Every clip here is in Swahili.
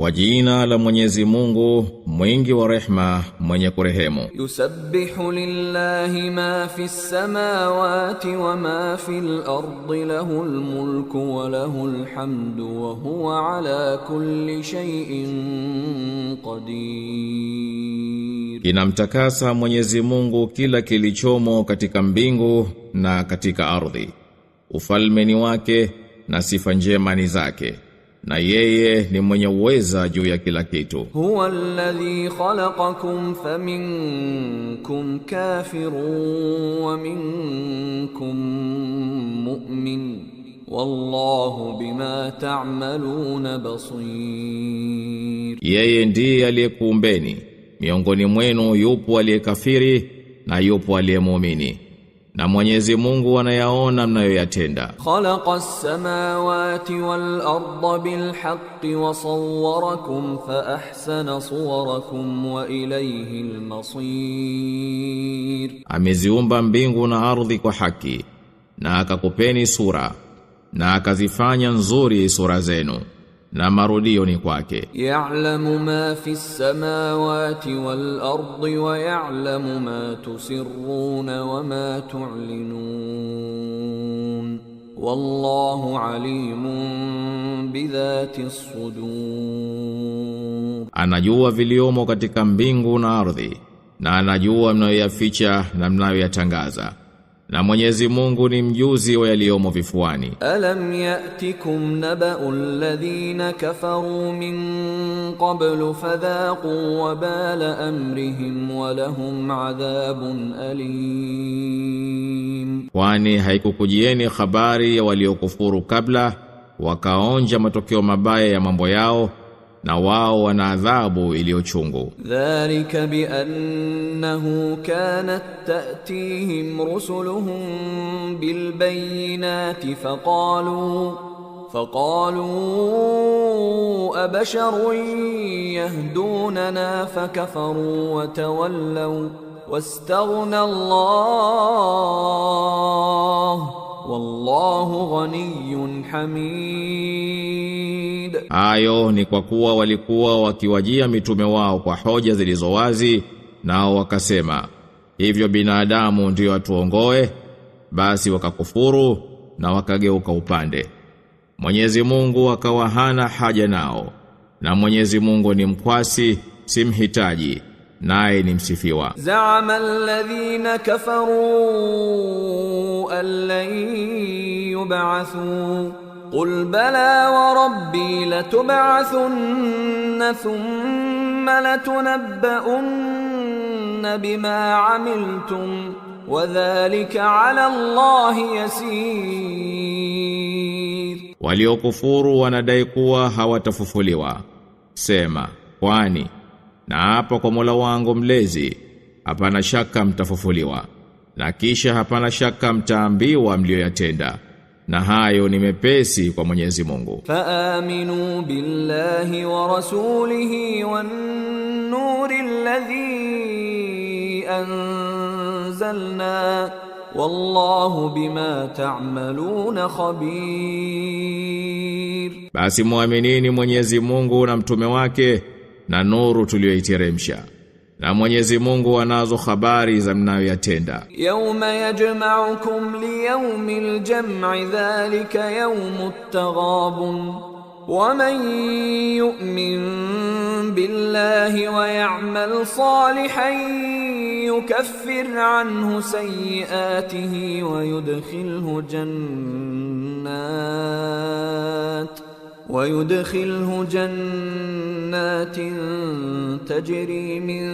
Kwa jina la Mwenyezi Mungu, mwingi wa rehma, mwenye kurehemu. Yusabbihu lillahi ma fi samawati wa ma fi fil ardi al mulku wa lahu al hamdu wa huwa ala kulli shay'in qadir. Inamtakasa Mwenyezi Mungu kila kilichomo katika mbingu na katika ardhi. Ufalme ni wake na sifa njema ni zake na yeye ni mwenye uweza juu ya kila kitu. Huwa alladhi khalaqakum faminkum kafirun wa minkum mu'min wallahu bima ta'maluna basir, yeye ndiye aliyekuumbeni miongoni mwenu yupo aliyekafiri na yupo muumini na Mwenyezi Mungu anayaona mnayoyatenda. as samawati wal ardha bil haqqi wa sawwarakum fa ahsana suwarakum wa ilayhi al masir, ameziumba mbingu na ardhi kwa haki na akakupeni sura na akazifanya nzuri sura zenu na marudio ni kwake. Ya'lamu ma fi samawati wal ardi wa ya'lamu ma tusirruna wa ma tu'linun wallahu alimun bi dhati sudur, anajua viliomo katika mbingu na ardhi na anajua mnayoyaficha na mnayoyatangaza na Mwenyezi Mungu ni mjuzi wa yaliomo vifuani. Alam yatikum naba'u alladhina kafaru min qablu fadhaqu wabala amrihim wa lahum adhabun alim, kwani haikukujieni habari ya waliokufuru kabla wakaonja matokeo mabaya ya mambo yao na wao wana adhabu iliyochungu. Dhalika bi annahu kanat ta'tihim rusuluhum bil bayyinati faqalu faqalu فقالوا yahdunana fakafaru wa وتولوا wastaghna Allah Wallahu ghaniyyun hamid. Hayo ni kwa kuwa walikuwa wakiwajia mitume wao kwa hoja zilizo wazi nao wakasema hivyo binadamu ndio atuongoe basi wakakufuru na wakageuka upande. Mwenyezi Mungu akawa hana haja nao na Mwenyezi Mungu ni mkwasi si mhitaji naye ni msifiwa. Zaama alladhina kafaru an lan yub'athu qul bala wa rabbi latub'athunna thumma latunabba'unna bima 'amiltum wa dhalika 'ala Allahi yasir, waliokufuru wanadai kuwa hawatafufuliwa. Sema, kwani na hapa kwa Mola wangu mlezi hapana shaka mtafufuliwa na kisha hapana shaka mtaambiwa mlioyatenda na hayo ni mepesi kwa Mwenyezi Mungu. Faaminu billahi wa rasulihi wan nuri alladhi anzalna wallahu bima ta'maluna khabir, basi muaminini Mwenyezi Mungu na mtume wake na nuru tuliyoiteremsha na Mwenyezi Mungu anazo habari za mnayoyatenda. Yauma yajma'ukum li yawmil jam'i dhalika yawmut taghabun waman yu'min billahi wa ya'mal salihan yukaffir anhu sayyi'atihi wa yudkhilhu jannat ويدخله جنات تجري من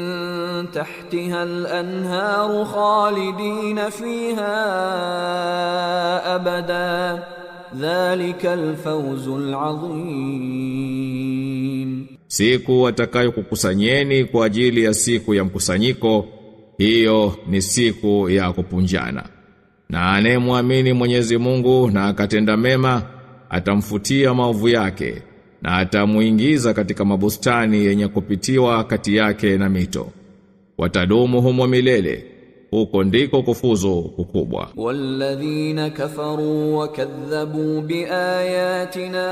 تحتها الانهار خالدين فيها ابدا ذلك الفوز العظيم siku atakayokukusanyeni kwa ajili ya siku ya mkusanyiko hiyo ni siku ya kupunjana na anayemwamini Mwenyezi Mungu na akatenda mema atamfutia maovu yake na atamuingiza katika mabustani yenye kupitiwa kati yake na mito watadumu humo milele huko ndiko kufuzu kukubwa walladhina kafaru wakadhabu biayatina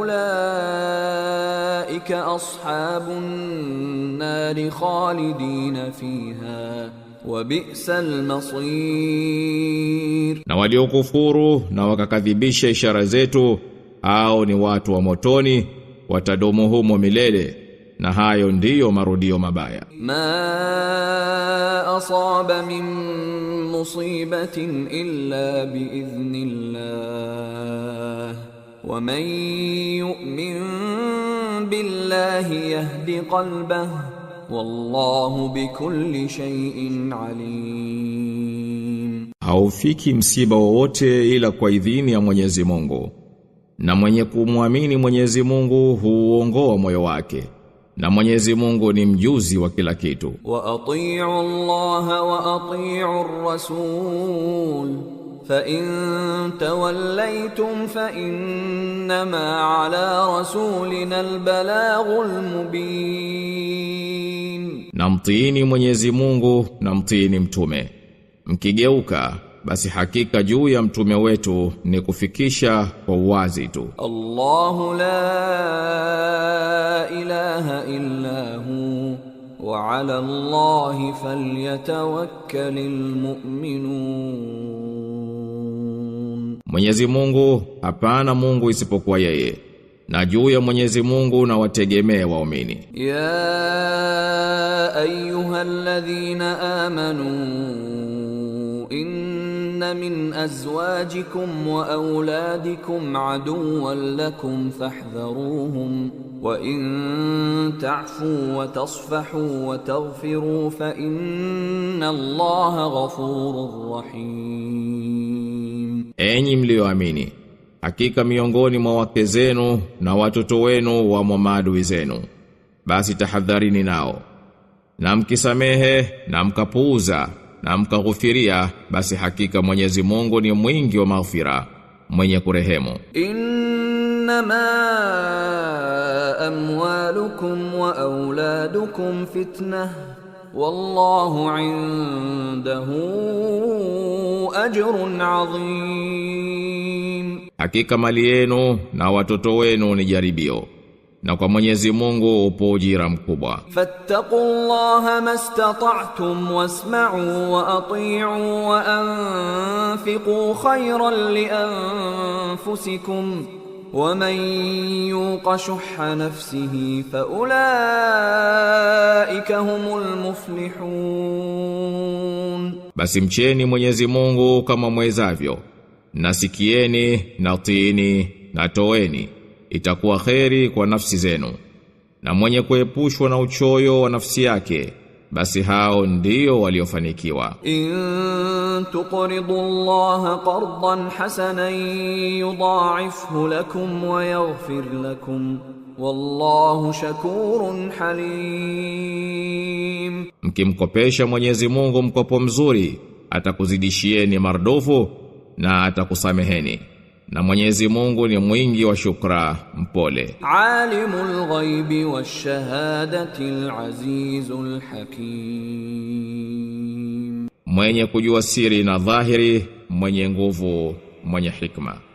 ulaika ashabun nari khalidina fiha wa bi'sal masir, na waliokufuru na wakakadhibisha ishara zetu, au ni watu wa motoni, watadumu humo milele na hayo ndiyo marudio mabaya. Ma asaba min musibatin illa bi wa man yu'min billahi yahdi qalbahu Wallahu bikulli shay'in alim. Haufiki msiba wowote ila kwa idhini ya Mwenyezi Mungu. Na mwenye kumwamini Mwenyezi Mungu huongoa moyo wake. Na Mwenyezi Mungu ni mjuzi wa kila kitu. Wa atii'u Allah wa atii'u Rasul. فَإِن تَوَلَّيْتُمْ فَإِنَّمَا عَلَى رَسُولِنَا الْبَلَاغُ الْمُبِينُ na mtiini Mwenyezi Mungu na mtiini mtume mkigeuka basi hakika juu ya mtume wetu ni kufikisha kwa uwazi tu Allahu la ilaha illa hu wa ala Allahi mu'minun Mwenyezi Mungu hapana Mungu isipokuwa yeye na juu ya Mwenyezi Mungu na wategemee waumini. Ya ayyuhalladhina amanu inna min azwajikum wa auladikum aduwwan lakum fahdharuhum wa in ta'fu wa tasfahu wa taghfiru fa inna Allaha ghafurur rahim enyi mlioamini hakika miongoni mwa wake zenu na watoto wenu wa maadui zenu basi tahadharini nao na mkisamehe na mkapuuza na mkaghufiria basi hakika Mwenyezi Mungu ni mwingi wa maghfira mwenye kurehemu inma amwalukum wa auladukum fitnah wallahu indahu ajrun adhim, hakika mali yenu na watoto wenu ni jaribio na kwa Mwenyezi Mungu upo ujira mkubwa. Fattaqullaha mastata'tum wasma'u wa ati'u wa anfiqu khayran li anfusikum ومن يوق شح نفسه فاولئك هم المفلحون basi mcheni Mwenyezi Mungu kama mwezavyo nasikieni na tini na toeni itakuwa kheri kwa nafsi zenu na mwenye kuepushwa na uchoyo wa nafsi yake basi hao ndio waliofanikiwa. In tuqridu Allah qardan hasanan yudha'ifhu lakum wa yaghfir lakum wallahu shakurun halim, mkimkopesha Mwenyezi Mungu mkopo mzuri atakuzidishieni mardufu na atakusameheni na Mwenyezi Mungu ni mwingi wa shukra, mpole. Alimul ghaibi washahadati alazizul hakim, mwenye kujua siri na dhahiri, mwenye nguvu, mwenye hikma.